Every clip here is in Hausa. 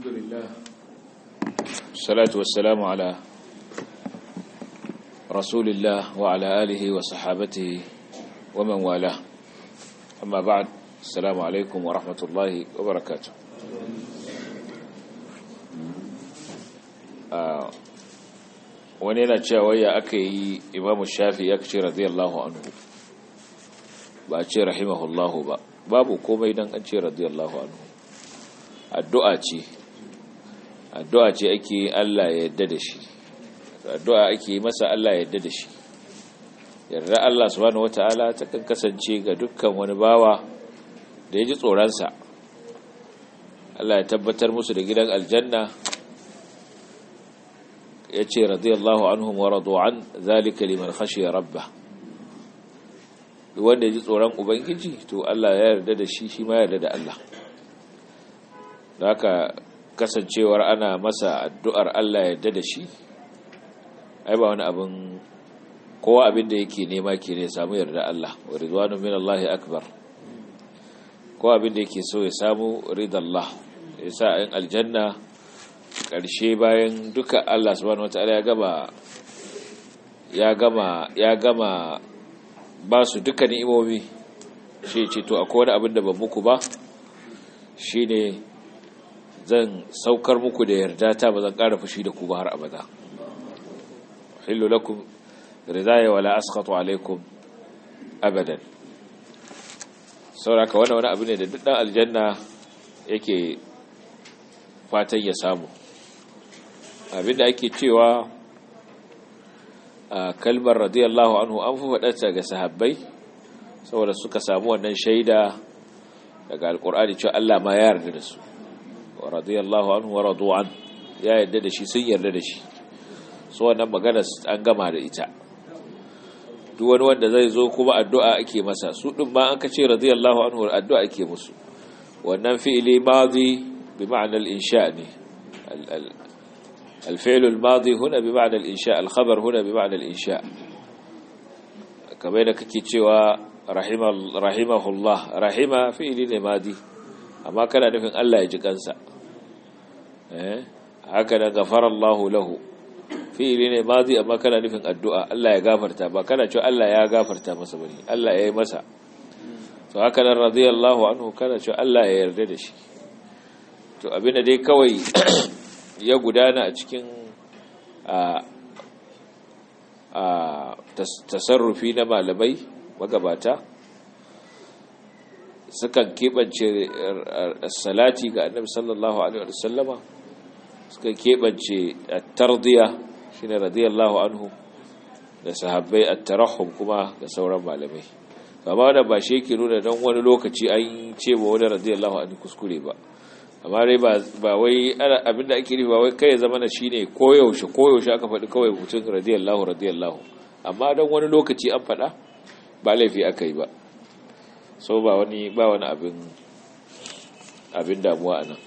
الحمد لله والصلاه والسلام على رسول الله وعلى آله وصحابته ومن والاه أما بعد السلام عليكم ورحمة الله وبركاته آه، ونينا تشاوية أكي إمام الشافي أكشي رضي الله عنه بأكشي رحمه الله با. بابو كومي نان رضي الله عنه الدعاء addu'a ce ake Allah ya yarda da shi addu'a ake masa Allah ya yarda da shi yarda Allah subhanahu wataala ta kan kasance ga dukkan wani bawa da ya ji tsoronsa Allah ya tabbatar musu da gidan aljanna ya ce radiyallahu anhum wa an zalika liman khashiya rabba wanda ya ji tsoron ubangiji to Allah ya yarda da shi shi ma yarda da Allah haka kasancewar ana masa addu'ar Allah yadda da shi ai ba wani abin kowa abin da yake nema ke ne samu yarda Allah wa rizwanu min Allah akbar kowa abin da yake so ya samu ridallah ya sa a yin aljanna ƙarshe bayan duka Allah subhanahu ya gama ya gama ya gama ba su duka ni'imomi shi ce to akwai wani abin da ban muku ba shi ne. zan saukar muku da yarda ta ba zan ƙara fushi da ku ba har abada hillu lakum ridaya wala asqatu alaikum abadan sauraka wannan wani abu ne da duk dan aljanna yake fatan ya samu abinda ake cewa a kalmar radiyallahu anhu an fi faɗarta ga sahabbai saboda suka samu wannan shaida daga alƙurani cewa Allah ma ya yarda da su wa radiyallahu anhu wa radu ya yarda da shi sun yarda da shi so wannan magana an gama da ita duk wani wanda zai zo kuma addu'a ake masa su din ma an ka ce radiyallahu anhu addu'a ake musu wannan fi'ili madi bi ma'na al-insha ne الفعل الماضي هنا بمعنى الإنشاء الخبر هنا بمعنى الإنشاء كما ينك cewa rahima رحمه rahima رحمه في إلينا amma kana كان Allah ya يجيك kansa. Eh? haka da gafarallahu lahu fi'ili ne mazi amma kana nufin addu'a Allah ya gafarta ba kana cewa Allah ya gafarta masa bane Allah ya yi masa to haka nan radiyallahu anhu kana cewa Allah ya yarda da shi to abin da dai kawai ya gudana a cikin a tasarrufi na malamai magabata sukan keɓance er, er, salati ga annabi sallallahu alaihi wasallama suka keɓance tardiya shi ne radiyallahu anhu da sahabbai a tarahun kuma da sauran malamai amma da ba shi yake nuna don wani lokaci an ce ba wani radiyallahu anhu kuskure ba amma dai ba wai abinda ake nufi ba wai kai ya zama na shi ne koyaushe koyaushe aka faɗi kawai mutum radiyallahu radiyallahu amma don wani lokaci an faɗa ba laifi aka yi ba so ba wani abin damuwa a nan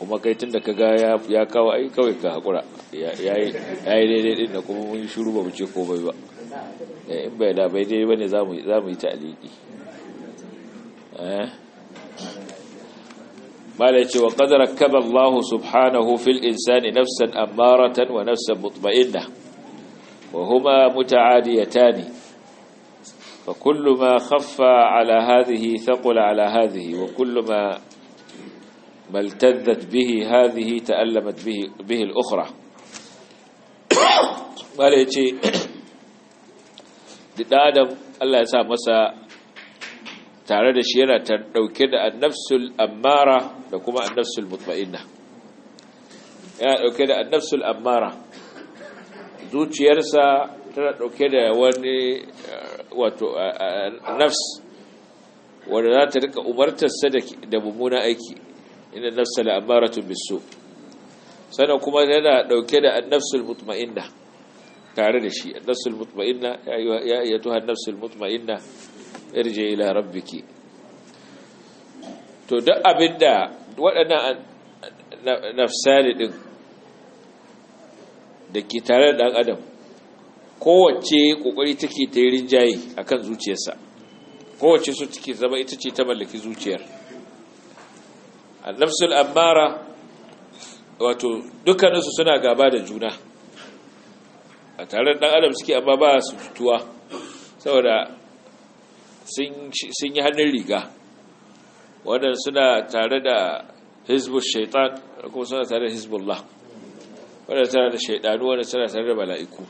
kuma kai tun da ka ga ya kawo ai kawai ka haƙura ya yi daidai din da kuma mun shuru ba mu ce komai ba eh, in bai da bai daidai ba ne za mu yi ta'aliki eh? malai ce wa ƙadar kaba Allah subhanahu fil insani nafsan amaratan wa nafsan mutma'inna wa huma muta'adiyatani fa kullu ma khaffa ala hadhihi thaqula ala hadhihi wa kullu ma بل تذت به هذه تألمت به, به الأخرى قال يتي آدم الله يسا مسا tare da shi yana ɗauke da annafsul ammara da kuma annafsul mutma'inna yana ɗauke da annafsul ammara zuciyarsa tana ɗauke da wani wato nafs za ta rika umartarsa da mummuna aiki inna nafsa la'amaratu bisu sannan kuma yana dauke da annafsul mutma'inna tare da shi annafsul mutma'inna ya ayyatuha annafsul mutma'inna irje ila rabbiki to duk abinda waɗannan nafsali din da ke tare da ɗan adam kowace ƙoƙari take ta yi rinjaye a kan zuciyarsa kowace su take zama ita ce ta mallaki zuciyar annafsul ammara wato dukkaninsu suna gaba da juna a tare da adam suke amma ba su tutuwa saboda sun yi hannun riga waɗanda suna tare da hezbollah shaitan kuma suna tare da hezbollah waɗanda tare da shaidanu waɗanda suna tare da mala'iku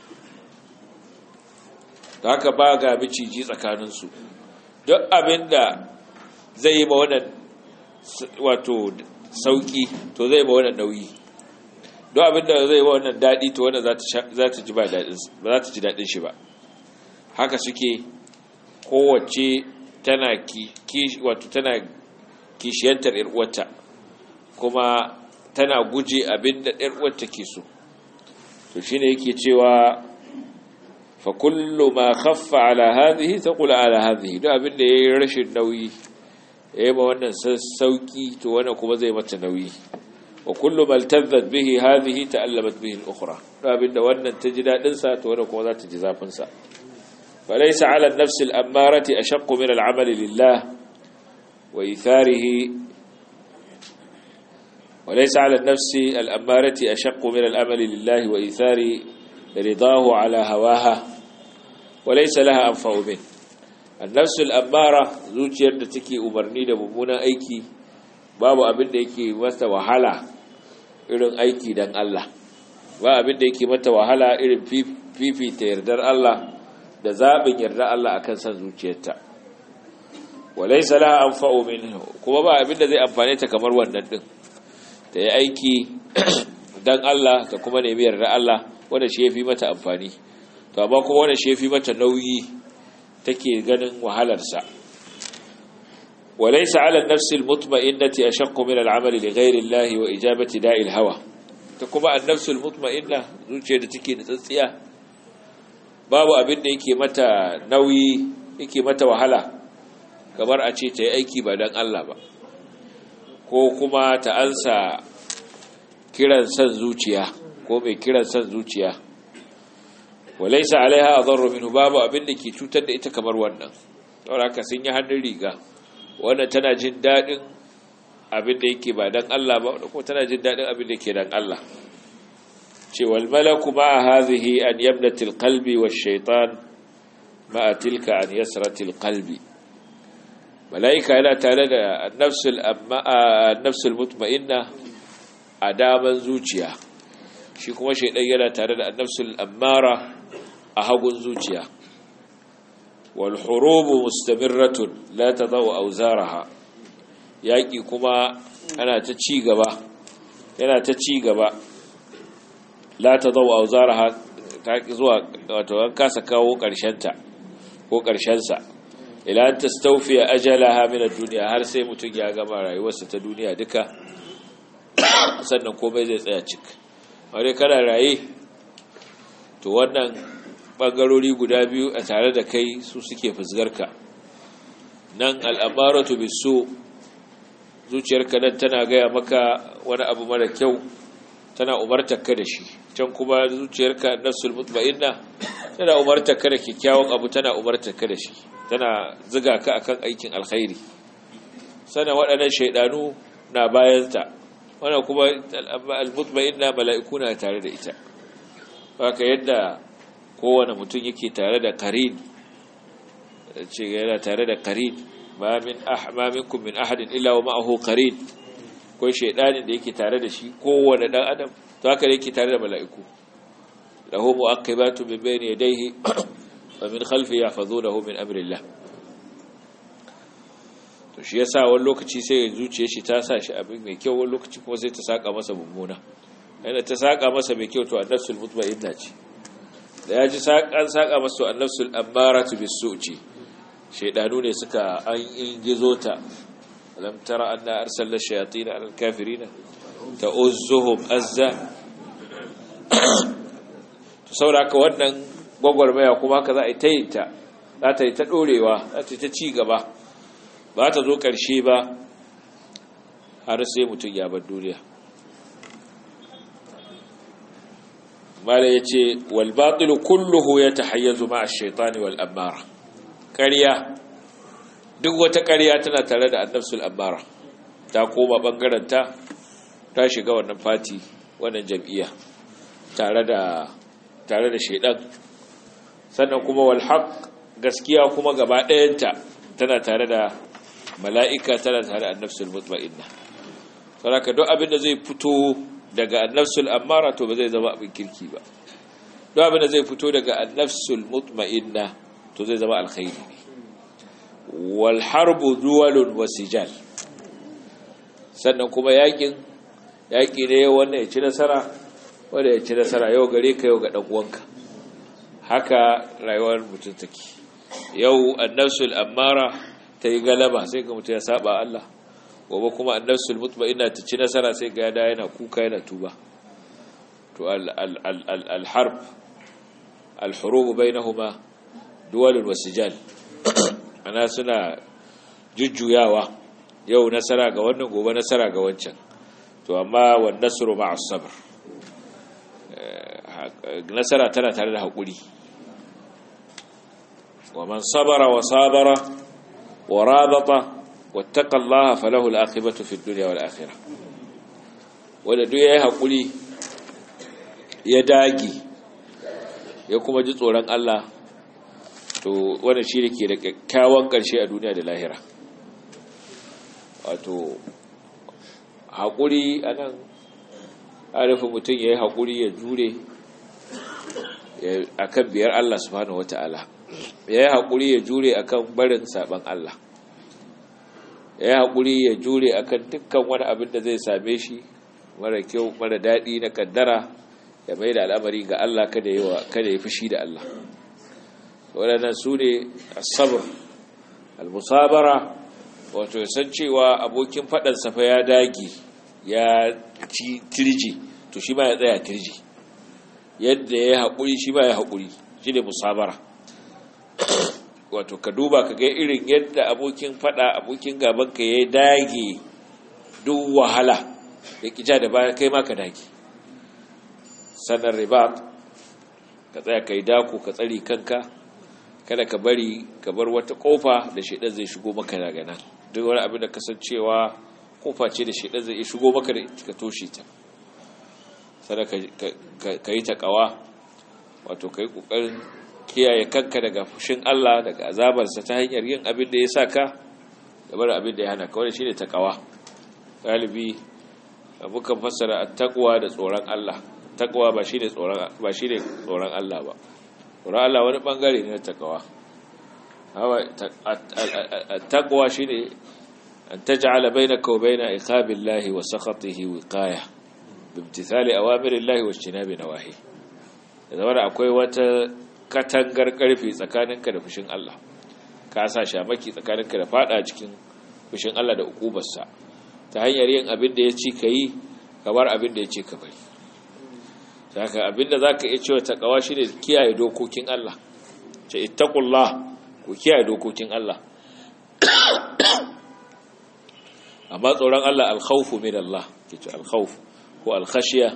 da haka ba ga miciji tsakaninsu duk abin da zai yi ma waɗanda wato sauki to zai ba wannan nauyi don abin da zai ba wannan daɗi to wannan za ta ji ba daɗin shi ba haka suke kowace tana wato tana kishiyantar irwata kuma tana guje abinda da irwata ke so to shine yake cewa fa kullu ma khaffa ala hadhihi taqul ala hadhihi abin da yi rashin nauyi ya ma wannan sauki to wannan kuma zai mata nauyi wa kullu mal tazzat bihi hadhihi ta'allamat bihi al-ukhra abinda wannan ta ji dadin sa to wannan kuma za ta ji zafin sa falaysa 'ala an-nafs al-ammarati ashaqqu min al-'amal lillah wa itharihi وليس على النفس الأمارة أشق من الأمل لله وإيثار رضاه على هواها وليس لها أنفع منه annafsul ammara zuciyar da take umarni da mummunan aiki babu abin da yake masa wahala irin aiki dan Allah ba abin da yake mata wahala irin fifita yardar Allah da zaɓin yardar Allah akan san zuciyarta walai salaha an fa'o kuma ba abin da zai amfane ta kamar wannan ɗin ta yi aiki dan Allah ta kuma nemi yardar Allah wanda shi ya fi mata amfani to amma kuma wanda shi ya fi mata nauyi take ganin wahalarsa walaysa ala Nafsil mutmainnati ashaqqu min al-'amali li ghayri Allah wa ijabati da'il hawa ta kuma an Nafsil mutmainna zuciya da take da tsatsiya babu abin da yake mata nauyi yake mata wahala kamar a ce ta yi aiki ba dan Allah ba ko kuma ta ansa kiran san zuciya ko mai kiran san zuciya walaisa alaiha zan minhu babu abin da ke cutar da ita kamar wannan saboda sun yi hannun riga wannan tana jin daɗin abin da yake ba dan Allah ba wanda kuma tana jin daɗin abin da yake dan Allah ce wal malaku ma hadhihi an yabnati al wa shaitan, ma'a tilka an yasrati al malaika yana tare da nafsul mutma'inna a daman zuciya shi kuma shaidan yana tare da annabsul ammara a hagun zuciya wal hurubu mustamirratun la tadau auzaraha yaki kuma ana ta ci gaba yana ta ci gaba la auzaraha ta zuwa wato an kasa kawo karshen ta ko karshen sa ila an a ajalaha min ad har sai mutum ya gama rayuwarsa ta duniya duka sannan komai zai tsaya cik bare kana raye to wannan Bangarori guda biyu a tare da kai su suke ka nan al'amaratu biso zuciyarka nan tana gaya maka wani abu mara kyau tana umartarka da shi can kuma zuciyarka nafsul mutma'inna tana umartarka da kyakkyawan abu tana umartarka da shi tana ziga ka akan aikin alkhairi sana waɗannan shaidanu na bayanta wannan kuma al-mutma'inna mala'iku na tare da ita haka yadda kowane mutum yake tare da karin ce yana tare da karin ma min ahmaminkum min ahadin illa wa ma'ahu karin akwai shaidanin da yake tare da shi kowane dan adam to haka yake tare da mala'iku lahu mu'aqibatu min bayni yadayhi wa min khalfi yahfazunahu min amrillah to shi yasa wani lokaci sai ya zuciye shi ta sa shi abin mai kyau wani lokaci kuma sai ta saka masa mummuna yana ta saka masa mai kyau to annasul mutma'inna ce da ya ji an saƙa masu annabsul ammara tu bisu ce shaidanu ne suka an ingizo ta alam tara anna arsalna kafiri na ta ta'uzzuhum azza Ta saura ka wannan gwagwarmaya kuma haka za a yi ta yi ta za ta yi ta ɗorewa za ta yi ta ci gaba ba ta zo ƙarshe ba har sai mutum ya bar duniya mala ya ce walbaɗulu kulluhu ya ta hayar zuma a shaitani wal'ammara ƙarya duk wata karya tana tare da annabsul ammara ta koma ɓangaranta ta shiga wannan fati wannan jam'iyya tare da shaidan sannan kuma walhaq gaskiya kuma gaba ɗayanta tana tare da mala'ika tana tare da annabsul mutma'inna saboda duk abin da zai fito daga annafsul ammara to ba zai zama abin kirki ba duk abin da zai fito daga annafsul mutma'inna to zai zama alkhairi ne wal harbu duwalun wasijal sannan kuma yakin yaki ne wanda ya ci nasara wanda ya ci nasara yau gare ka yau ga dan uwanka haka rayuwar mutum take yau annafsul ammara ta yi galaba sai ka mutum ya saba Allah gobe kuma annabsul mutma'inna ta ci nasara sai ga yada yana kuka yana tuba to al-harb al-hurub bainahuma duwalun wasijal ana suna jujjuyawa yau nasara ga wannan gobe nasara ga wancan to amma wan nasru ma'as sabr eh, nasara tana tare da hakuri wa man sabara wa sabara wa rabata wattaqallaha falahu al-akhiratu fid dunya wal akhirah wanda duk yayi hakuri ya dagi ya kuma ji tsoron Allah to wanda shi yake da kyakkyawan ƙarshe a duniya da lahira wato hakuri anan arifin mutum yayi hakuri ya jure akan biyar Allah subhanahu wataala yayi hakuri ya jure akan barin saɓen Allah ya hakuri ya jure a kan dukkan wani abin da zai same shi mara kyau mara daɗi na kaddara ya mai da al'amari ga Allah kada ya shi da Allah waɗannan su ne asabar musabara wato ya san cewa abokin faɗan fa ya dage ya ci tirji to shi ma ya tsaya tirji yadda ya hakuri shi ma ya haƙuri shi ne musabara wato ka duba ka ga irin yadda abokin fada abokin gabanka ka ya dage duk wahala ya kija da baya kai ma ka dage sanar riba ka tsaya ka yi dako ka tsari kanka kada ka bari ka bar wata kofa da shaidan zai shigo maka daga nan duk wani abin da kasancewa kofa ce da shaidan zai shigo maka da ka toshe ta sanar ka yi takawa wato ka yi kokarin kiyaye kanka daga fushin Allah daga azabarsa ta hanyar yin abin da ya sa ka da bar abin da ya hana ka wanda shine takawa ɗalibi mukan fassara a taqwa da tsoron Allah taqwa ba shi ne tsoron Allah ba tsoron Allah wani bangare ne na takawa a at shi ne an bai na bainaka wa baina iqabillahi wa sakhatihi wiqaya bimtithali awamirillahi wa na nawahi da zama akwai wata katangar karfe tsakaninka da fushin Allah ka sa shamaki tsakaninka da fada cikin fushin Allah da ukubarsa ta hanyar yin abin da ya ci ka yi kamar abin da ya ce ka bari saka abin da za ka iya cewa kawa shi ne kiyaye dokokin Allah ce ittaqullah ku kiyaye dokokin Allah amma tsoron Allah alkhawfu min Allah ke al alkhawf ko alkhashiya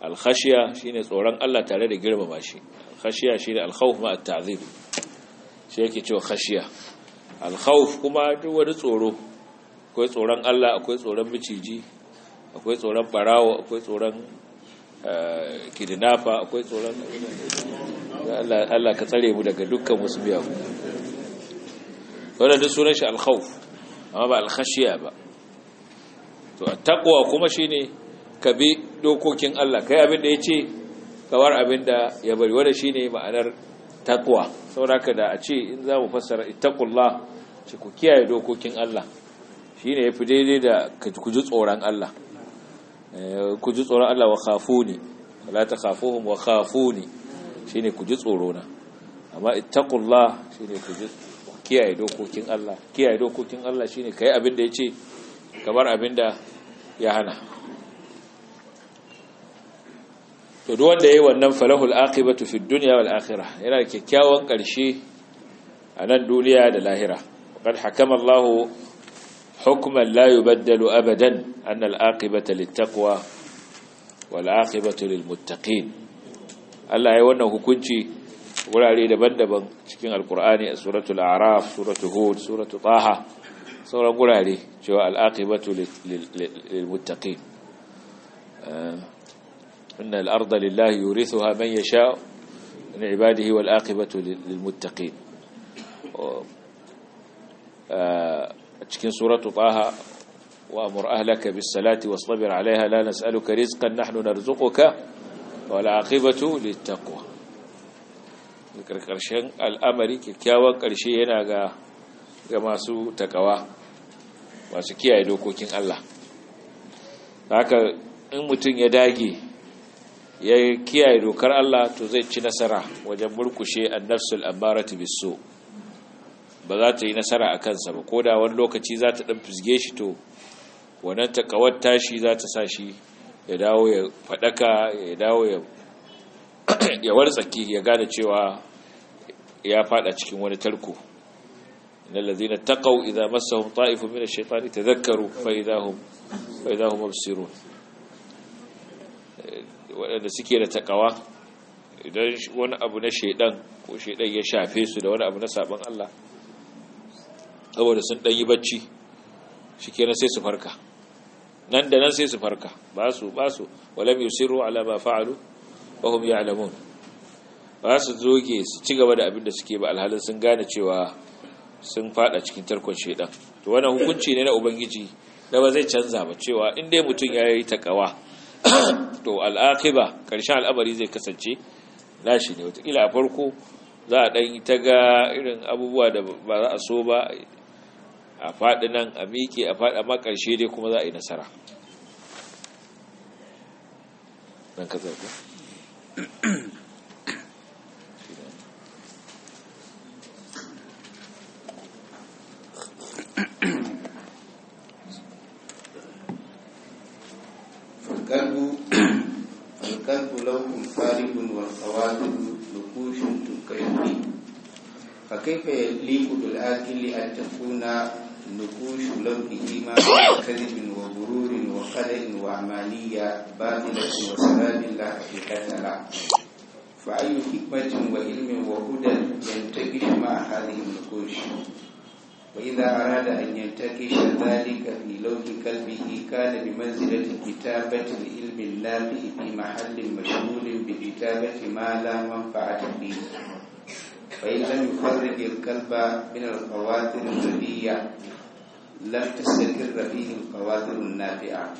alkhashiya shine tsoron Allah tare da girmama shi khashiya shine al-khawf ma at-ta'zim shi yake cewa khashiya al-khawf kuma duk wani tsoro akwai tsoron Allah akwai tsoron miciji akwai tsoron barawo akwai tsoron eh, kidnapper akwai tsoron Allah Allah ka tsare mu daga dukkan wasu biyafu wannan duk sunan shi al-khawf amma ba al-khashiya ba to at-taqwa kuma shine ka bi dokokin Allah kai abin da yace kawar abin da ya bari shi shine ma'anar taqwa sauraka da a ce in za mu fassara ittaqullah ce ku kiyaye dokokin Allah shi ne ya fi daidai da ku ji tsoron Allah eh, ku ji tsoron Allah wa khafuni la takhafuhum wa shi ne ku ji tsoro na amma shi ne ku ji kiyaye dokokin Allah kiyaye dokokin Allah ka yi abin da ya ce kamar abin da ya hana to duk wanda yayi wannan falahul aqibatu fid dunya wal akhirah yana da kyakkyawan karshe a nan duniya da lahira qad hakama Allahu hukman la yubaddalu abadan anna al aqibata lit taqwa wal aqibatu lil muttaqin Allah yayi wannan hukunci wurare daban-daban cikin alqur'ani a suratul a'raf suratul hud suratul taha sauran gurare cewa al aqibatu lil muttaqin eh, إن الأرض لله يورثها من يشاء من عباده والآقبة للمتقين أتشكين سورة طه وأمر أهلك بالصلاة واصطبر عليها لا نسألك رزقا نحن نرزقك والعاقبة للتقوى ƙarshen al'amari kyakkyawan ƙarshe yana ga ga masu takawa masu kiyaye dokokin Allah haka in mutum ya dage ya kiyaye dokar Allah to zai ci nasara wajen murkushe annafsul ammaratu biso ba za ta yi nasara a kansa ba ko da wani lokaci za ta ɗan fisge shi to wannan takawar shi za ta sa shi ya dawo ya faɗaka ya dawo ya wartsaki ya gane cewa ya faɗa cikin wani tarko na lalzina taqaw idza massahum ta'ifun min ash-shaytani ta zakaru idza hum waɗanda suke da takawa idan wani abu na shaidan ko shaidan ya shafe su da wani abu na sabon Allah saboda sun ɗan yi bacci shi kenan sai su farka nan da nan sai su farka ba su ba su walam yusiru ala ma fa'alu wa hum ya'lamun ba su zoge su ci gaba da abin da suke ba alhalin sun gane cewa sun fada cikin tarkon shaidan to wannan hukunci ne na ubangiji da ba zai canza ba cewa in dai mutum ya yi takawa to alakiba karshen al'amari zai kasance nashi ne watakila a farko za a ɗan ta ga irin abubuwa da ba za a so ba a faɗi nan a miƙe a faɗi amma ƙarshe dai kuma za a yi nasara ɗan ka لوح فارغ والخواتم نقوش تكيفي فكيف يليق بالآكل أن تكون نقوش لوحه إيما كذب وغرور وخلع وعمالية باطلة وسلام لا حقيقة له فأي حكمة وعلم وهدى ينتقش مع هذه النقوش وإذا أراد أن ينتكش ذلك في لوح قلبه كان بمنزلة كتابة العلم النافع في محل مشغول بكتابة ما لا منفعة فيه فإن لم يفرق القلب من الخواطر الردية لم تستقر فيه الخواطر النافعة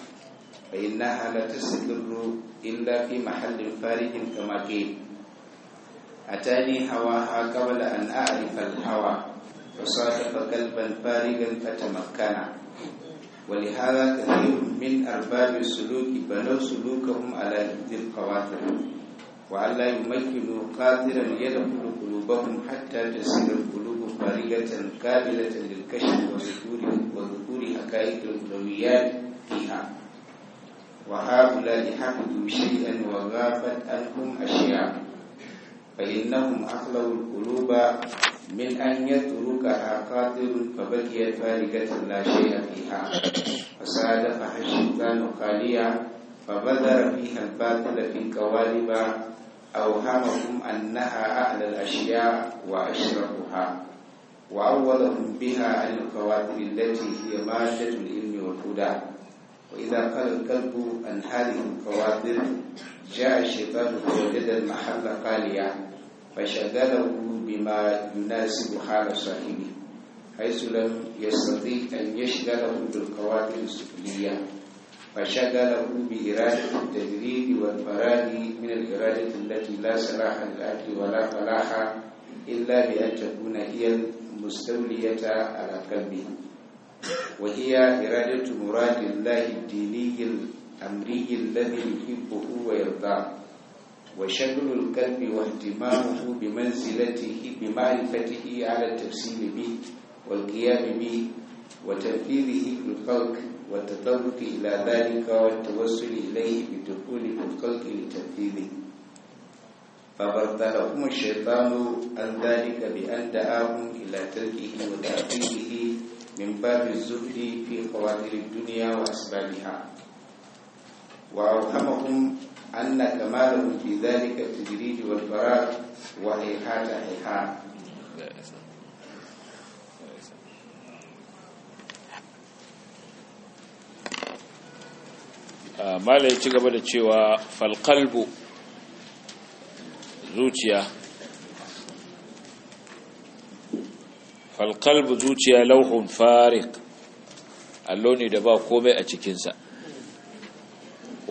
فإنها لا تستقر إلا في محل فارغ كما قيل أتاني هواها قبل أن أعرف الهوى وصاحب قلبا فارغا فتمكن ولهذا كثير من أرباب السلوك بنوا سلوكهم على إحدى القواتل وألا يمكنوا قادرا يدخل قلوبهم حتى تصير القلوب فارغة قابلة للكشف وظهور وظهور حقائق الأولويات فيها وهؤلاء حفظوا شيئا وغابت عنهم أشياء فإنهم أخلوا القلوب من أن يتركها قاتل فبكيت فارقة لا شيء فيها فصادفها الشيطان خاليا فبذر فيها الباطل في قوالب أوهمهم أنها أعلى الأشياء وأشرفها وعوضهم بها عن الخواتم التي هي مادة العلم والهدى وإذا قال الكلب عن هذه الخواتم جاء الشيطان فوجد المحل خاليا فشغله بما يناسب حال صاحبه حيث لم يستطيع أن يشغله بالقواعد السفلية فشغله بإرادة التدريب والفراغ من الإرادة التي لا صلاح للأكل ولا فلاح إلا بأن تكون هي المستولية على قلبه وهي إرادة مراد الله الديني الأمري الذي يحبه ويرضاه وشمل القلب واهتمامه بمنزلته بمعرفته على التفسير به والقيام به وتنفيذه في الخلق والتطرق إلى ذلك والتوسل إليه بالدخول في الخلق لتنفيذه فبرتلهم الشيطان عن ذلك بأن دعاهم إلى تركه وتعطيله من باب الزهد في خواطر الدنيا وأسبابها وأوهمهم أن كماله في ذلك التدريج والفراغ وإيحاة إيحاء mala ya ci gaba da cewa falkalbu zuciya falkalbu zuciya lauhun farik allo ne da ba komai a cikinsa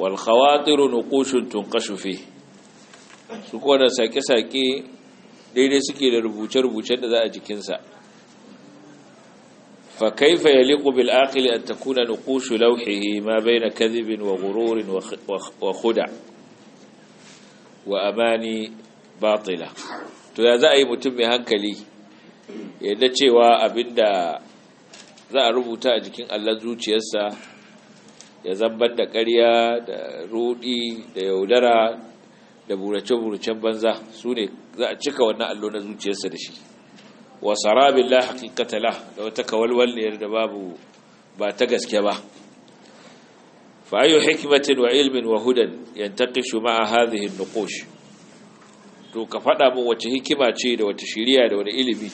wal khawatiru nuqushun tunqashu fi su ko da sake-sake daidai suke da rubuce-rubuce da za a jikinsa fa kaifa yaliqu bil aqli an takuna nuqushu lawhihi ma bayna kadhibin wa ghururin wa khuda wa amani batila to ya za a yi mutum mai hankali yadda cewa abinda za a rubuta a jikin Allah zuciyarsa ya zabbar da ƙarya da rudi da yaudara da burace-buracen banza su ne za a cika wannan allo na zuciyarsa da shi wa lahakin katala da wata kawalwalliyar da babu ba ta gaske ba fayo hikimatin wa ilmin wa hudan yantakishu ma'a hazihin nukosh to ka faɗa min wace hikima ce da wata shiriya da wani ilimi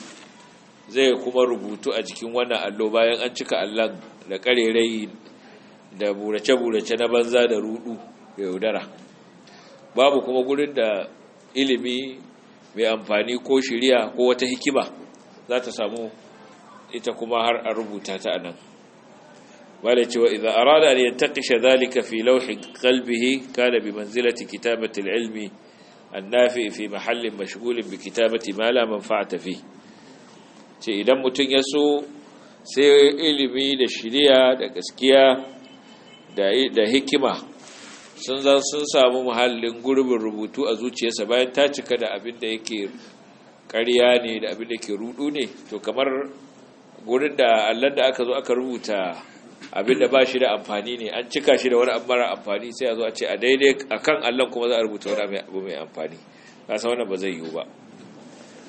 zai kuma rubutu a jikin wannan allo bayan an cika allon da ƙarerai da burace-burace na banza da rudu ya yaudara babu kuma gudun da ilimi mai amfani ko shiriya ko wata hikima za ta samu ita kuma har a rubuta ta anan bala cewa idan arada ta yattaqisha zalika fi lawhi kalbihi kada bi manzilati kitabati ilmi an na fi mahallin mashigulin bi kitabati mala la manfa'ata fi ce idan mutum ya so sai ilimi da shiriya da gaskiya da hikima sun zan sun samu muhallin gurbin rubutu a zuciyarsa bayan ta cika da abin da yake ƙarya ne da abin da yake rudu ne to kamar gurin da allon da aka zo aka rubuta abin da ba shi da amfani ne an cika shi da wani mara amfani sai a zo a ce a daidai a kan allon kuma za a rubuta wani abu mai amfani kasa wannan ba zai yiwu ba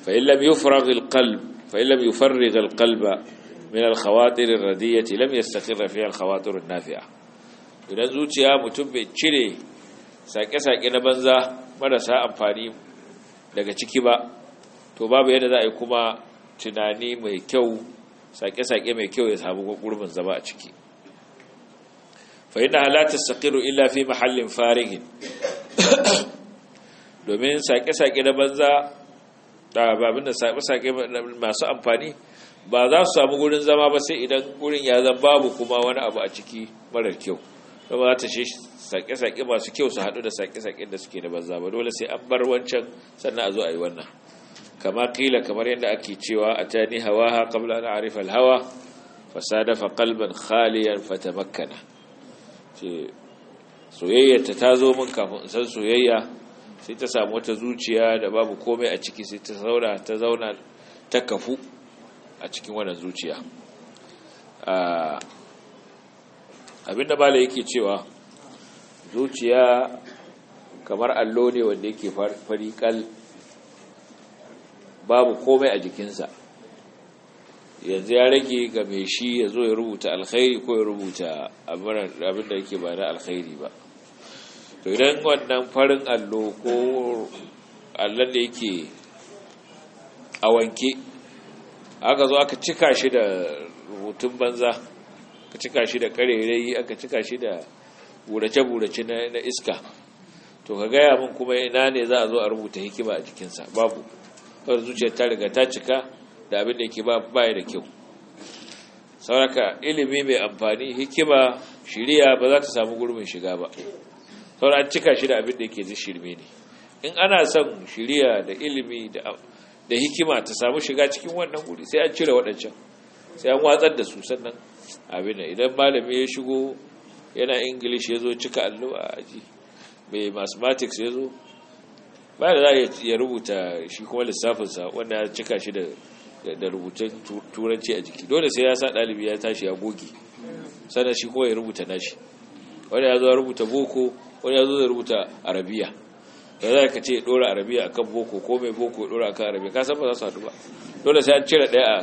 fa'in lam yi farrigal kalba min alkhawatirin radiyyati lam yastakirra fi alkhawatirin nafi'a idan zuciya mutum bai cire sake-sake na banza marasa amfani daga ciki ba to babu yadda za a yi kuma tunani mai kyau sake-sake mai kyau ya samu gurbin zama a ciki fahimta yi ta halatar sakiru illa fi mahallin farihin domin sake-sake na banza babin da sake-sake masu amfani ba za su samu gurin zama ba sai idan gurin ya zan babu kuma wani abu a ciki marar kyau ba ta shi sake-sake masu kyau su haɗu da saƙe sake da suke da banza ba dole sai an bar wancan sannan a zo a yi wannan kama kila kamar yadda ake cewa a ta ni hawa ha kamla na arif alhawa fasada fa kalban khaliyar fata makkana ce soyayyarta ta zo min kafin san soyayya sai ta samu wata zuciya da babu komai a ciki sai ta zauna ta zauna ta kafu a cikin wannan zuciya ah, abinda bala yake cewa zuciya kamar allo ne wanda yake fariƙal babu komai a jikinsa yanzu ya rage ga mai shi ya zo ya rubuta alkhairi ko ya rubuta abinda yake ba na alkhairi ba to idan wannan farin allo ko allon da yake a wanke aka zo aka cika shi da rubutun banza ka cika shi da karerai aka cika shi da burace-burace na iska to ka gaya min kuma ina ne za a zo a rubuta hikima a jikinsa babu kawai zuciyar ta riga ta cika da abin da yake baya da kyau sauraka ilimi mai amfani hikima shiriya ba za ta samu gurbin shiga ba sauran an cika shi da abin da yake zai shirme ne in ana son shiriya da ilimi da hikima ta samu shiga cikin wannan guri sai an cire waɗancan sai an watsar da su sannan abin idan malami ya shigo yana english ya zo cika allo a aji mai mathematics ya zo ba da za ya rubuta shi kuma lissafinsa wanda ya cika shi da rubutun turanci a jiki dole sai ya sa ɗalibi ya tashi ya goge sannan shi kuma ya rubuta nashi wani ya zo ya rubuta boko wani ya zo ya rubuta arabiya da za ka ce ya ɗora arabiya a kan boko ko mai boko ya ɗora a kan arabiya ka san ba za su haɗu ba dole sai an cire ɗaya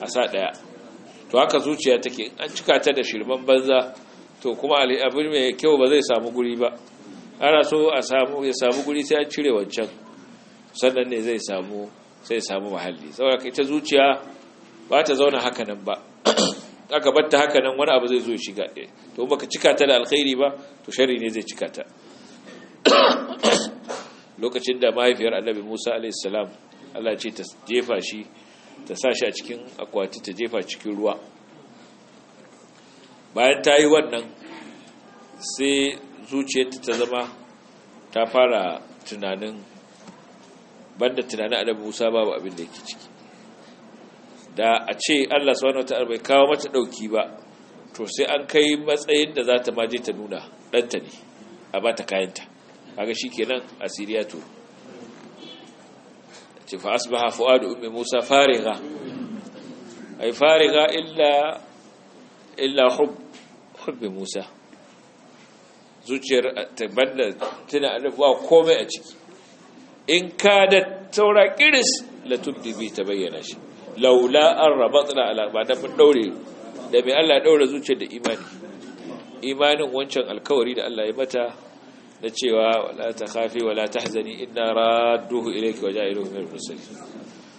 a sa ɗaya to haka zuciya take an cika ta da shirman banza to kuma abin mai kyau ba zai samu guri ba ana so a samu ya samu guri sai an cire wancan sannan ne zai samu sai samu mahalli saboda ita zuciya ba ta zauna haka nan ba aka batta haka nan wani abu zai zo shiga to baka cika ta da alkhairi ba to shari ne zai cika ta lokacin da mahaifiyar annabi Musa alaihi salam Allah ce ta jefa shi ta sa shi a cikin akwati ta jefa cikin ruwa bayan ta yi wannan sai zuciyarta ta zama ta fara tunanin banda tunanin annabi Musa babu abin da yake ciki da a ce Allah subhanahu wataala bai kawo mata dauki ba to sai an kai matsayin da za ta maje ta nuna ɗanta ne a ba ta kayanta shi shikenan asiriya turu ce fa asbaha fuadu ummi musa fariga ay fariga illa illa hub hubbi musa zuciyar ta tabbata tana alfuwa komai a ciki in ka da taura kiris la tubdi bi ta bayyana shi laula an rabatna ala da mun daure da mai Allah daure zuciyar da imani imanin wancan alkawari da Allah ya mata na cewa wala ta khafi wala tahzani inna radduhu ilayki wa ja'iluhu min al-mursalin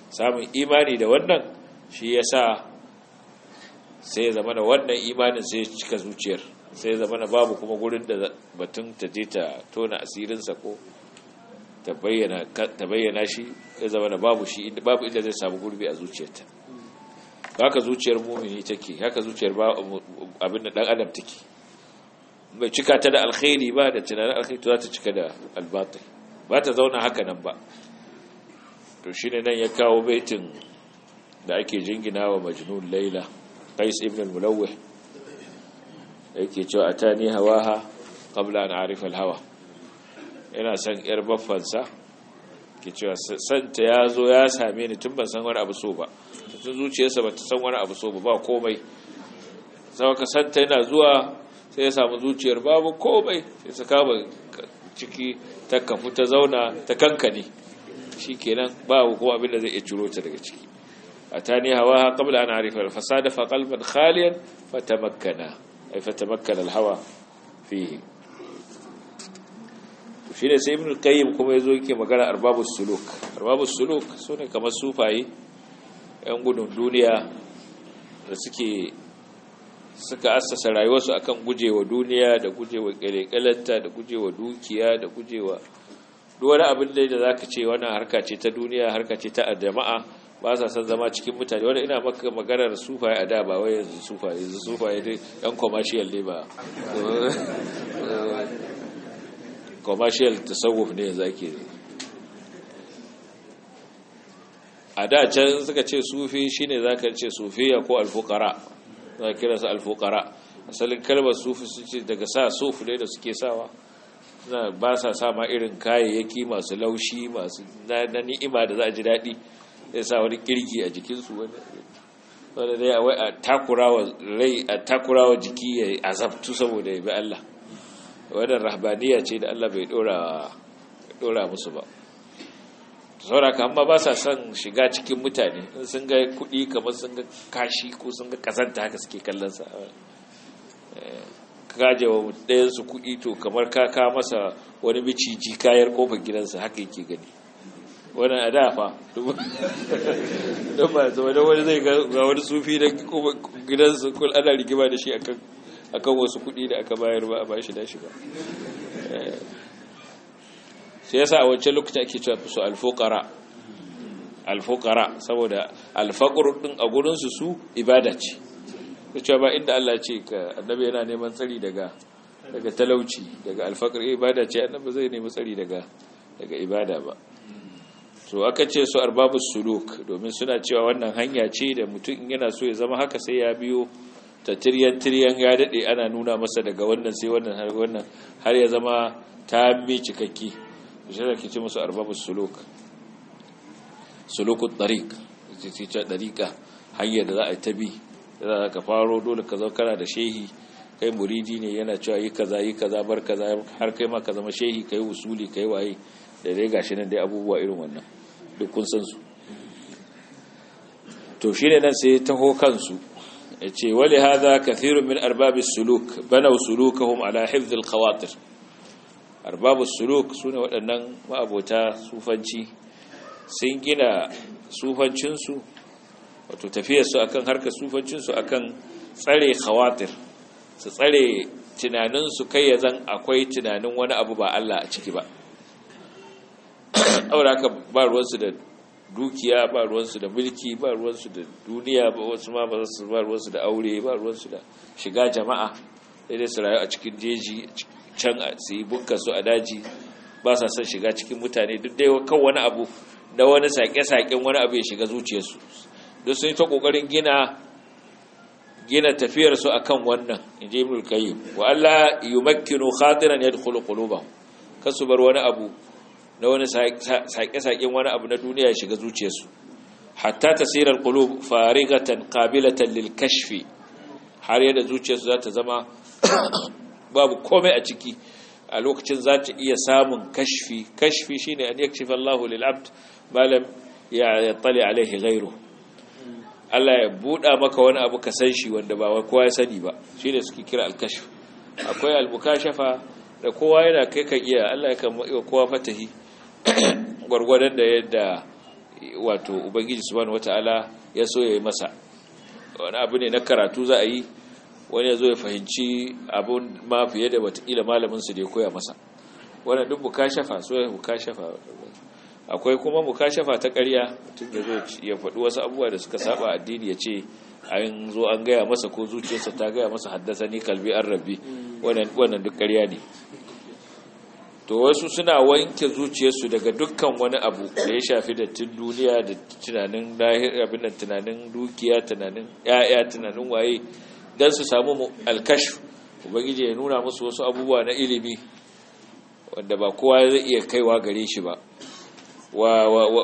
samun imani da wannan shi yasa sai ya zama wannan imanin sai ya cika zuciyar sai ya zama babu kuma gurin da batun ta je ta tona asirinsa ko ta bayyana shi ya zama babu shi babu inda zai samu gurbi a zuciyarta haka zuciyar mumini take haka zuciyar abin da dan adam take bai cika ta da alkhairi ba da tunanin alkhairi za ta cika da albatil ba ta zauna haka nan ba to shine nan ya kawo baitin da ake jingina wa majnun laila qais ibn al-mulawih yake cewa hawa ha qabla an arifa al-hawa yana san yar baffansa ke cewa santa ya zo ya same ni tun ban san wani abu so ba tun zuciyarsa ba ta san wani abu so ba ba komai sau ka santa yana zuwa sai ya samu zuciyar babu komai sai su kama ciki ta kafu ta zauna ta kankani shi kenan babu kuma abinda da zai iya ciro ta daga ciki a ta ne hawa ha kabla ana harifar fasada fa khaliyar fata makana ai alhawa fiye. shi ne sai ibn qayyim kuma zo yake magana arbabus suluk arbabus suluk sune kamar sufaye yan gudun duniya da suke suka assasa rayuwarsu akan gujewa duniya da gujewa kyalekyalanta da gujewa dukiya da gujewa wani abin da za ka ce wannan harka ce ta duniya harka ce ta jama'a ba sa san zama cikin mutane wani ina maka maganar sufaye a da ba wai yanzu sufaye yanzu sufaye dai yan commercial ne ba commercial sauwuf ne yanzu ake a da can suka ce sufi shine zaka ce sufiya ko alfukara kira su alfokara asalin kalmar sufi su ce daga sa sufi ne da suke sawa na ba sa sama irin kayayyaki masu laushi masu na ni'ima da za a ji daɗi ya sa wani kirki a jikinsu wani dai a rai a takurawa jiki ya yi azabtu saboda ya bi Allah wannan rahbaniya ce da Allah bai dora musu ba sauraka amma ba sa son shiga cikin mutane in sun ga kudi kamar sun ga kashi ko sun ga kazanta haka suke kallon sa eh, kaje wa su kudi to kamar ka masa wani ji kayar kofar gidansa haka yake gani wani a dafa don ba zama don wani zai ga wani sufi da gidansa kul ana rigima da shi akan wasu kudi da aka bayar ba a bashi da shi ba eh, sai yasa a wancan lokacin ake cewa su alfokara alfokara saboda alfakur din a gurinsu su ibada ce cewa ba inda Allah ce ka annabi yana neman tsari daga daga talauci daga alfakur eh, ibada ce annabi zai nemi tsari daga daga ibada ba so aka ce su arbabus suluk domin suna cewa wannan hanya ce da mutum in yana so ya zama haka sai ya biyo ta tiryan tiryan ya dade ana nuna masa daga wannan sai wannan har wannan har ya zama ta mi cikakki shi ke ce musu arbabu suluk sulukut tariq ce ce dariqa hanyar da za a tabi da za ka faro dole ka zama kana da shehi kai muridi ne yana cewa yi kaza yi kaza bar kaza har kai ma ka zama shehi kai usuli kai waye da dai gashi nan dai abubuwa irin wannan duk kun san su to shine nan sai taho kansu yace wali hadha kathirun min arbabis suluk banaw sulukahum ala hifdhil khawatir arbabu suluk su ne waɗannan ma'abota sufanci sun gina sufancinsu wato tafiyarsu akan harkar sufancinsu akan tsare khawatir su tsare tunaninsu kai ya zan akwai tunanin wani abu ba Allah a ciki ba ɗaura haka ba ruwansu da dukiya ba ruwansu da mulki ba ruwansu da duniya ba wasu ma ba ruwansu da aure ba ruwansu da shiga jama'a daidai su rayu a cikin jeji can su yi bunkasu a daji ba sa son shiga cikin mutane duk dai kan wani abu na wani saƙe-saƙen wani abu ya shiga zuciyarsu duk sun yi ta ƙoƙarin gina gina tafiyarsu a kan wannan in ji ibn al-qayyim wa Allah yumakkinu khatiran yadkhulu qulubahum kasu bar wani abu na wani saƙe-saƙen wani abu na duniya ya shiga zuciyarsu hatta tasirar qulub farigatan qabilatan lil kashfi har yadda zuciyarsu za ta zama babu komai a ciki a lokacin za ta iya samun kashfi kashfi shine an yakshifa Allahu lil abd malam ya tali alaihi ghairu Allah ya buɗa maka wani abu ka san shi wanda ba kowa ya sani ba shine suke kira al-kashf akwai al da kowa yana kai kan iya Allah ya kan wa kowa fatahi gwargwadon da yadda wato ubangiji subhanahu wataala ya so ya yi masa wani abu ne na karatu za a yi wani ya zo ya fahimci abun ma fiye da watakila malaminsu da ya koya masa wani duk shafa so ya shafa akwai kuma shafa ta ƙarya tun da zo ya faɗi wasu abubuwa da suka saba addini ya ce an zo an gaya masa ko zuciyarsa ta gaya masa haddasa ni kalbi an rabbi wannan duk ƙarya ne to wasu suna wanke zuciyarsu daga dukkan wani abu da ya shafi dattin duniya da tunanin abin tunanin dukiya tunanin 'ya'ya tunanin waye don su samu alkashf ubangiji ya nuna musu wasu abubuwa na ilimi wanda ba kowa zai iya kaiwa gare shi ba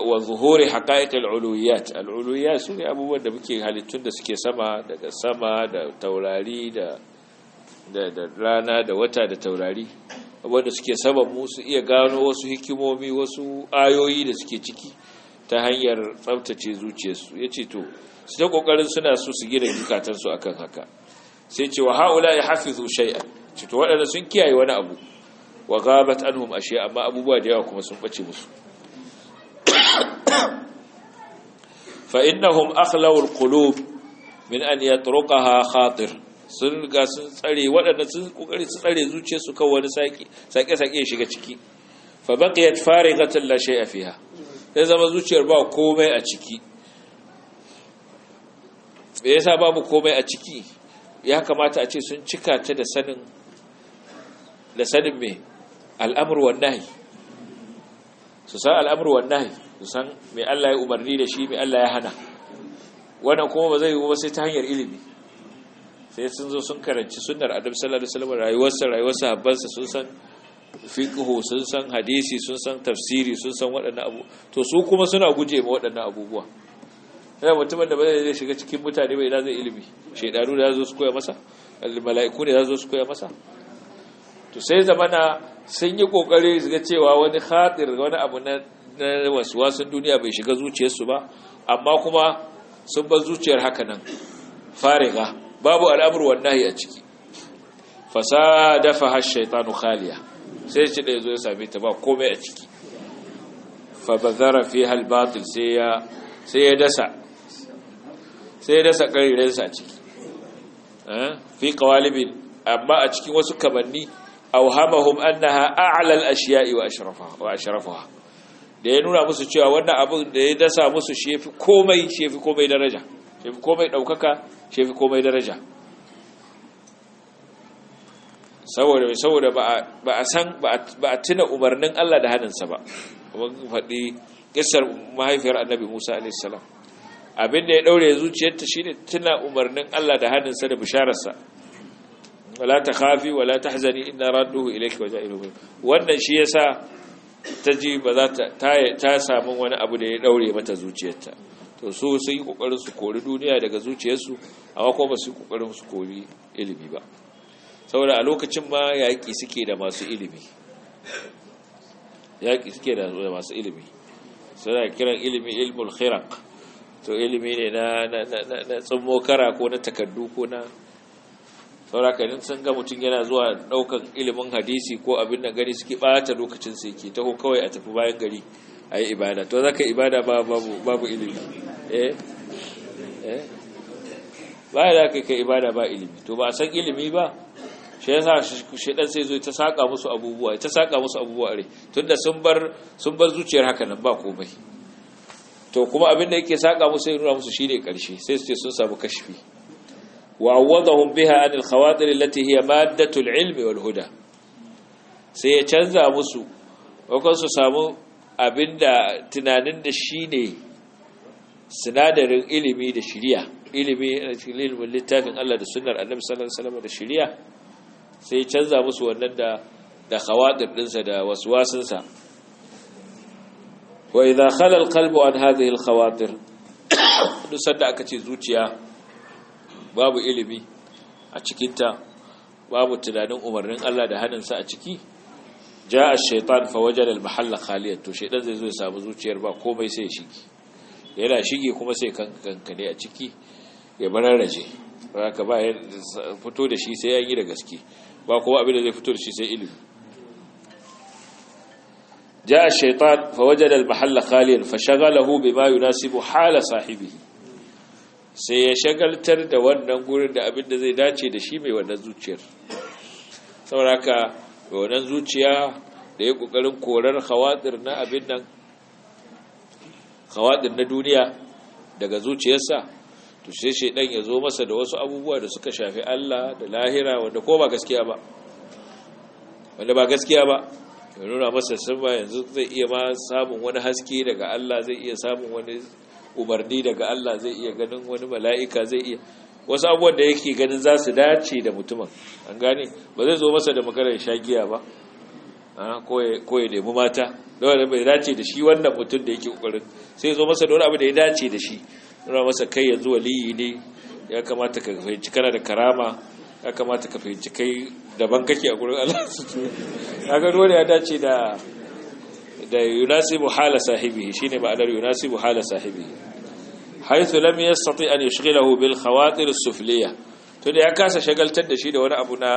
wa zuhuri haƙa'iƙar al'uluyyat al'uluyyat su ne abubuwan da muke halittun da suke sama daga sama da taurari da rana da wata da taurari wanda suke sama mu su iya gano wasu hikimomi wasu ayoyi da suke ciki ta hanyar tsabtace zuciyarsu yace to su ta ƙoƙarin suna so su gina dukatansu akan haka sai ce wa haula ya hafi hafizu shay'an cito waɗanda sun kiyaye wani abu wa gabat anhum ashe amma abubuwa da yawa kuma sun bace musu fa innahum akhlaw alqulub min an yatruqaha khatir sun ga sun tsare waɗanda sun kokari su tsare zuciyar su kan wani saki sake ya shiga ciki fa baqiyat farighatan la shay'a fiha sai zama zuciyar ba komai a ciki me yasa babu komai a ciki ya kamata a ce sun cika ta da sanin da sanin me al'amur wannahi su san al'amur wannahi su san me Allah ya umarni da shi me Allah ya hana wannan kuma ba zai yi ba sai ta hanyar ilimi sai sun zo sun karanci sunnar adam sallallahu alaihi wasallam rayuwarsa rayuwarsa habbansa sun san fiqhu sun san hadisi sun san tafsiri sun san waɗannan abu to su kuma suna guje ma waɗannan abubuwa yana mutumin da ba zai shiga cikin mutane ba ina zai ilimi shaidanu da zo su koya masa mala'iku ne zo su koya masa to sai zamana sun yi kokari su ga cewa wani khatir wani abu na wasan duniya bai shiga zuciyarsu ba amma kuma sun bar zuciyar haka nan fariga babu al'amur wallahi a ciki har hashaitanu khaliya sai shi da zai ya same ta ba komai a ciki fa bazara fiha sai ya dasa sai dasa ƙarirensa a ciki fi kawalibin amma a cikin wasu kamanni auhamahum annaha a'lal ashiya'i wa ashrafaha da ya nuna musu cewa wannan abin da ya dasa musu shefi komai shefi komai daraja shefi komai daukaka shefi komai daraja saboda saboda ba a san ba a tuna umarnin Allah da hannunsa ba wani faɗi kissar mahaifiyar annabi Musa alaihi salam abin da ya daure zuciyarta shine tana umarnin Allah da hannunsa da bishararsa wala takhafi wala tahzani inna radduhu ilayka wa ja'iluhu wannan shi yasa ta ji ba za ta ta samu wani abu da ya daure mata zuciyarta to so sun yi kokarin su kori duniya daga zuciyarsu amma ko ba su yi kokarin su kori ilimi ba saboda a lokacin ma yaƙi suke da masu ilimi yaƙi suke da masu ilimi suna kiran ilimi ilmul khiraq to ilimi ne na tsammo kara ko na takardu ko na saurakanin sun ga mutum yana zuwa daukan ilimin hadisi ko abin da gani suke bata lokacin su yake taho kawai a tafi bayan gari a yi ibada to za ka ibada babu ilimi eh eh baya da ka yi ibada ba ilimi to ba a san ilimi ba shi yasa dan sai zo ta saka musu abubuwa ta saka musu abubuwa rai tunda sun bar sun bar zuciyar haka nan ba komai to kuma abin da yake saka musu ya nuna musu shine karshe sai su ce sun samu kashfi wa awwadahum biha an al-khawatir allati hiya maddatu al-ilmi wal huda sai ya canza musu wakon su samu abin da tunanin da shine sinadarin ilimi da shiriya ilimi a cikin littafin Allah da sunnar annabi sallallahu alaihi da shiriya sai ya canza musu wannan da da khawatir dinsa da waswasinsa wa idza khala alqalbu an hadhihi alkhawatir duk sanda aka ce zuciya babu ilimi a cikinta babu tunanin umarnin Allah da haninsa a ciki ja ash-shaytan fawajada al-mahalla khaliyan to shaytan zai zo ya samu zuciyar ba komai sai ya shige yana shige kuma sai kankane a ciki ya bararraje haka ba fito da shi sai ya yi da gaske ba kuma abin da zai fito da shi sai ilimi جاء الشيطان فوجد المحل خاليا فشغله بما يناسب حال صاحبه sai ya shagaltar da wannan gurin da abin da zai dace da shi mai wannan zuciyar haka mai wannan zuciya da ya kokarin korar khawatir na abin nan khawatir na duniya daga zuciyarsa to sai shedan ya zo masa da wasu abubuwa da suka shafi Allah da lahira wanda ko ba gaskiya ba wanda ba gaskiya ba ya nuna masa sirma yanzu zai iya ma samun wani haske daga Allah zai iya samun wani umarni daga Allah zai iya ganin wani mala'ika zai iya wasu abubuwan da yake ganin za su dace da mutumin an gane ba zai zo masa da makarar shagiya ba ko ya nemi mata da bai dace da shi wannan mutum da yake kokarin sai zo masa da wani abu da ya dace da shi nuna masa kai yanzu waliyi ne ya kamata ka fahimci kana da karama ya kamata ka fahimci kai daban kake a gurin Allah kaga dole ya dace da da yunasibu hala sahibi shine ma'anar yunasibu hala sahibi haythu lam yastati an yushghilahu bil khawatir sufliya to da ya kasa shagaltar da shi da wani abu na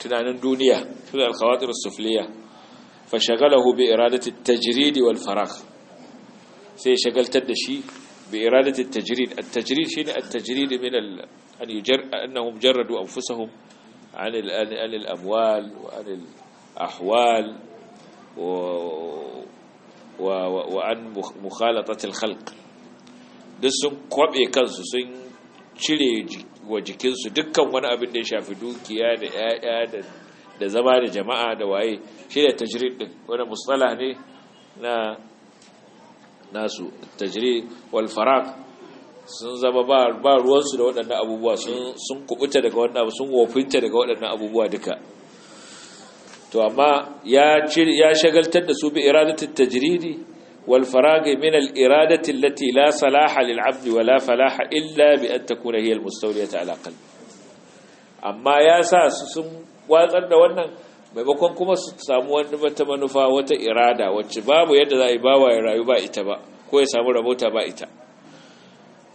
tunanin duniya to da al-khawatir as-sufliya fa shagalahu bi iradati at-tajrid wal faragh sai shagaltar da shi bi iradati at-tajrid at-tajrid shine at-tajrid min al أن يجر أنهم جردوا أنفسهم عن عن الأموال وعن الأحوال و... و... وعن مخالطة الخلق duk sun kwaɓe kansu sun cire wa jikinsu dukkan wani abin da ya shafi dukiya da 'ya'ya da zama da jama'a da waye shi da tajirid ɗin wani musala ne na nasu tajirid wal farak sun zama ba ruwansu da waɗannan abubuwa sun kubuta daga wannan sun wofinta daga waɗannan abubuwa duka to amma ya shagaltar da su bi iradatin tajridi wal faragi min al iradati allati la salaha lil abdi wa la falaha illa bi an takuna hiya al mustawliyata ala amma ya sa su sun watsar da wannan maimakon kuma su samu wani wata manufa wata irada wacce babu yadda za a yi bawa ya rayu ba ita ba ko ya samu rabota ba ita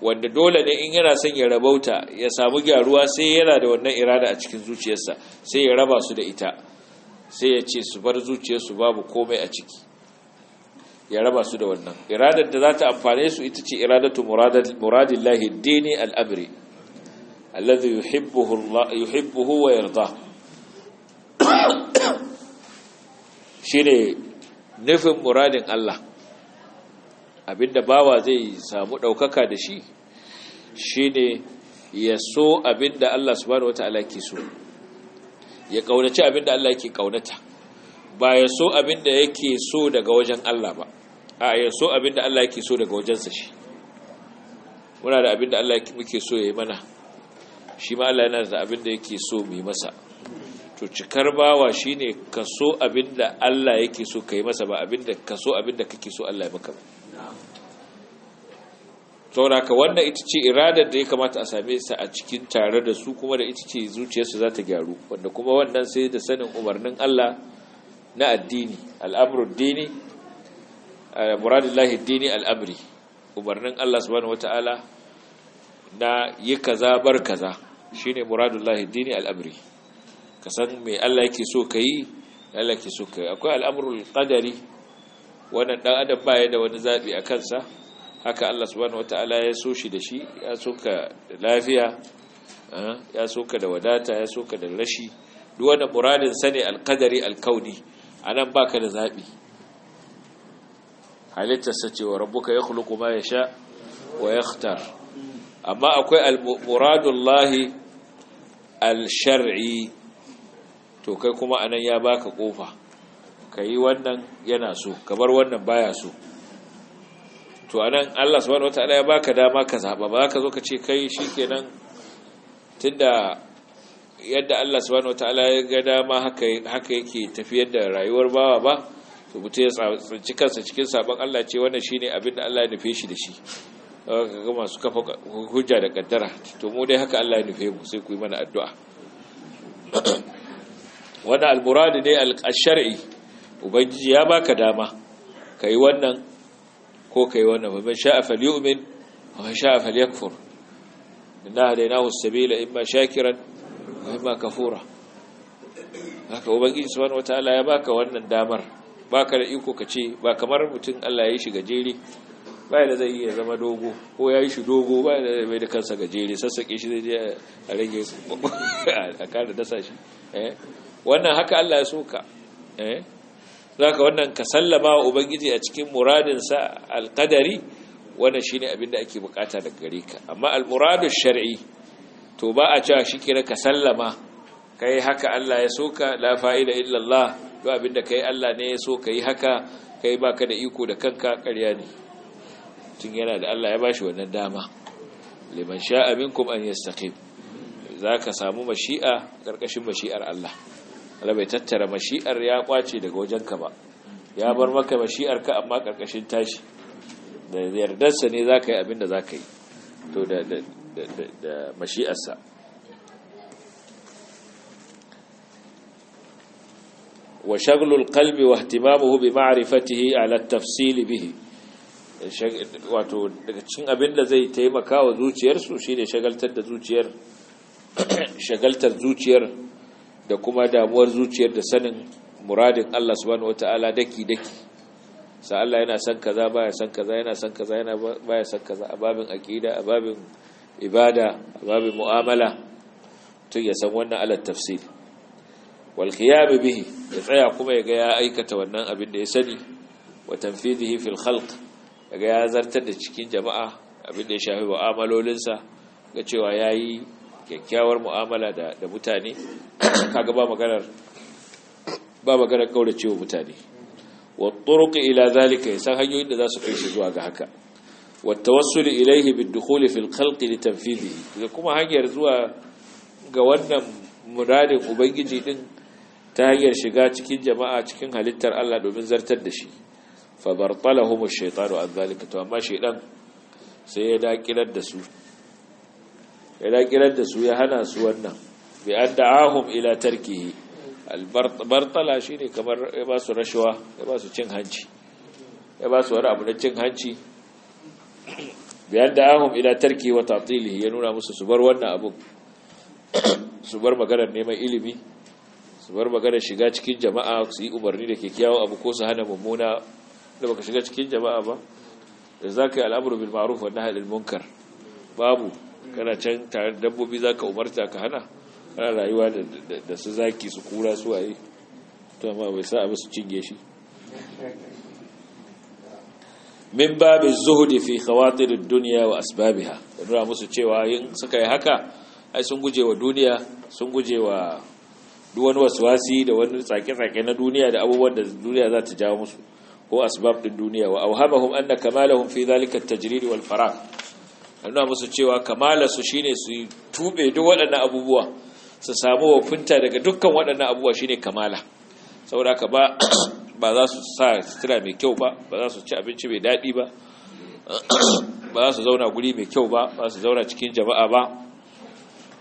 wanda dole ne in yana son ya rabauta ya samu gyaruwa sai yana da wannan irada a cikin zuciyarsa sai ya raba su da ita sai ya ce su bar zuciyarsu babu komai a ciki ya raba su da wannan iradar da za ta amfane su ita ce iradatu muradillahi dini al'amri alladhi yuhibbuhu wa yarda shine nufin muradin Allah abinda bawa zai samu ɗaukaka da shi shi ne ya so abinda Allah subhanahu wata'ala ke so ya ƙaunaci abinda Allah ke ƙaunata, ba ya so abinda yake so daga wajen Allah ba a ya so abinda Allah ke so daga wajensa shi muna da abinda Allah muke so ya yi mana shi ma Allah yana da abinda yake so mu yi masa to cikar bawa shine ka so abinda Allah yake so ka yi masa ba abinda ka so abinda kake so Allah ya baka ba ka wannan ita ce iradar da ya kamata a same sa a cikin tare da su kuma da ita ce zuciyarsu za ta gyaru wanda kuma wannan sai da sanin umarnin Allah na addini al'amrul dini lahi dini al'amri umarnin Allah subhanahu wata'ala na yi kaza bar kaza shine lahi dini al'amri ka san me Allah yake so ka yi Allah yake so ka yi akwai al'amrul qadari wannan dan adam baya da wani zaɓi a kansa haka Allah subhanahu wataala ya so shi da shi ya so ka da lafiya ya so ka da wadata ya so ka da rashi duk wanda muradin sa ne alqadari alkauni anan baka da zabi halitta sace wa rabbuka yakhluqu ma yasha wa yakhtar amma akwai almuradullahi alshar'i to kai kuma anan ya baka kofa kayi wannan yana so kabar wannan baya so to anan Allah subhanahu wataala ya baka dama ka zaba ba ka zo ka ce kai shi shikenan tunda yadda Allah subhanahu wataala ya ga dama haka haka yake tafiyar da rayuwar bawa ba to mutum ya tsinci kansa cikin sabon Allah ce wannan shine abin da Allah ya nufe shi da shi ga masu kafa hujja da kaddara to mu dai haka Allah ya nufe mu sai ku yi mana addu'a wannan al-murad ne al-shar'i ubangiji ya baka dama kai wannan ko kai wannan ba man sha'a falyu'min wa man sha'a falyakfur inna hadaynahu as-sabila imma shakiran wa imma kafura haka ubangiji subhanahu wataala ya baka wannan damar baka da iko ka ce ba kamar mutum Allah ya yi shi gajere ba da zai iya zama dogo ko ya yi shi dogo ba da bai da kansa gajere sassaƙe shi zai je a rage a kada dasa shi eh? wannan haka Allah ya so eh zaka wannan ka sallama wa ubangiji a cikin muradinsa alqadari wannan shine abin da ake bukata daga gare ka amma almuradu shar'i to ba a cewa shi kira ka sallama kai haka Allah ya soka la fa'ida illa Allah to abin da kai Allah ne ya so yi haka kai baka da iko da kanka karya ne tun yana da Allah ya bashi wannan dama liman sha'a minkum an yastaqim zaka samu mashi'a karkashin mashi'ar Allah Allah bai tattara mashi'ar ya kwace daga wajenka ba ya bar maka mashi'ar ka amma karkashin tashi da yardarsa ne ka yi abinda za ka yi to da mashi'arsa wa shaglul kalbi wa ihtimamuhu bi ma'rifatihi ala at bihi wato daga cikin abin da zai taimaka wa zuciyarsu shine shagaltar da zuciyar shagaltar zuciyar da kuma damuwar zuciyar da sanin muradin Allah subhanahu wataala daki daki sa Allah yana san kaza baya san kaza yana san kaza yana baya san kaza a babin aqida a babin ibada a babin mu'amala to ya san wannan alal tafsir wal khiyab bihi ya tsaya kuma ya ga ya aikata wannan abin da ya sani wa tanfidihi fil khalq ya ga ya zartar da cikin jama'a abin da ya shafi mu'amalolinsa ga cewa yayi kyakkyawar mu'amala da, mutane kaga ba maganar ba maganar wa mutane wa turuqi ila zalika san hanyoyin da za su kai shi zuwa ga haka wa tawassuli ilayhi bid dukhul fil khalqi li tanfidihi da kuma hanyar zuwa ga wannan muradin ubangiji din ta hanyar shiga cikin jama'a cikin halittar Allah domin zartar da shi fa bartalahum ash-shaytanu an zalika to amma shaydan sai ya dakilar da su ya dakirar da su ya hana su wannan bi an da'ahum ila tarkihi albartala shi ne kamar ya ba su rashawa ya ba su cin hanci ya ba su wani abu na cin hanci bi an da'ahum ila tarkihi wa tili ya nuna musu su bar wannan abu su bar maganar neman ilimi su bar maganar shiga cikin jama'a su yi umarni da ke kyawo abu ko su hana mummuna da baka shiga cikin jama'a ba da za ka yi al'amuru bil ma'ruf wa nahy anil munkar babu kana can tare da dabbobi za ka umarta ka hana ana rayuwa da su zaki su kura su waye to bai sa abu su cinye shi min babin zuhudi fi khawatirin duniya wa asbabiha nuna musu cewa yin suka yi haka ai sun guje wa duniya sun guje wa duwani wasuwasi da wani tsake-tsake na duniya da abubuwan da duniya za ta jawo musu ko asbab din duniya wa auhamahum anna kamalahum fi zalika at-tajrid wal farah nuna musu cewa kamala su shine su tube duk waɗannan abubuwa su samu wafinta daga dukkan waɗannan abubuwa shine kamala saboda ka ba ba za su sa sutura mai kyau ba ba za su ci abinci mai daɗi ba ba za su zauna guri mai kyau ba ba su zauna cikin jama'a ba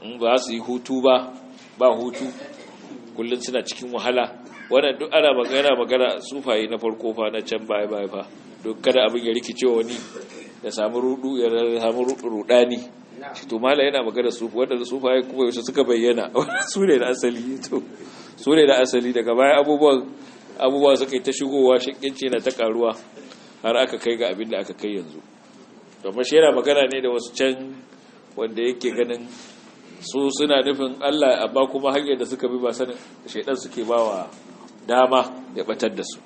hmm, ba za su yi hutu ba ba hutu kullum suna cikin wahala wannan duk ana magana magana sufaye na farko fa na can baya baya fa duk kada abin ya rikice wani ya samu rudu ya samu rudani to mala yana magana su wanda su ya kuma yaushe suka bayyana su ne da asali to su ne da asali daga baya abubuwan abubuwa suka yi ta shigowa shakkinci na ta karuwa har aka kai ga abin da aka kai yanzu domin shi yana magana ne da wasu can wanda yake ganin su suna nufin Allah amma kuma hanyar da suka bi ba sanin shaidan suke bawa dama ya batar da su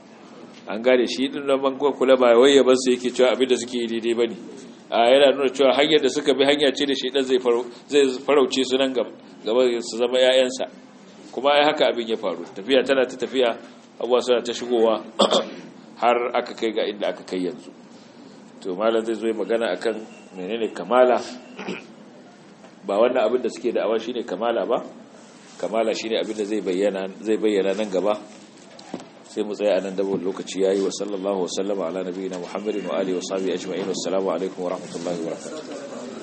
an gane shi din nan ban kula ba wai ya basu yake cewa abin da suke yi daidai bane a yana nuna cewa hanyar da suka bi hanya ce da shi dan zai farauce su nan gaba su zama 'ya'yansa kuma ai haka abin ya faru tafiya tana ta tafiya abuwa suna ta shigowa har aka kai ga inda aka kai yanzu to malam zai zo yi magana akan menene kamala ba wannan abin da suke da awa shine kamala ba kamala shine abin da zai bayyana zai bayyana nan gaba sai mu tsaya a nan dabon lokaci ya yi wa sallallahu wasallama ala nabi na muhammadin wa alihi wa sahbihi ajma'in wassalamu alaikum wa rahmatullahi wa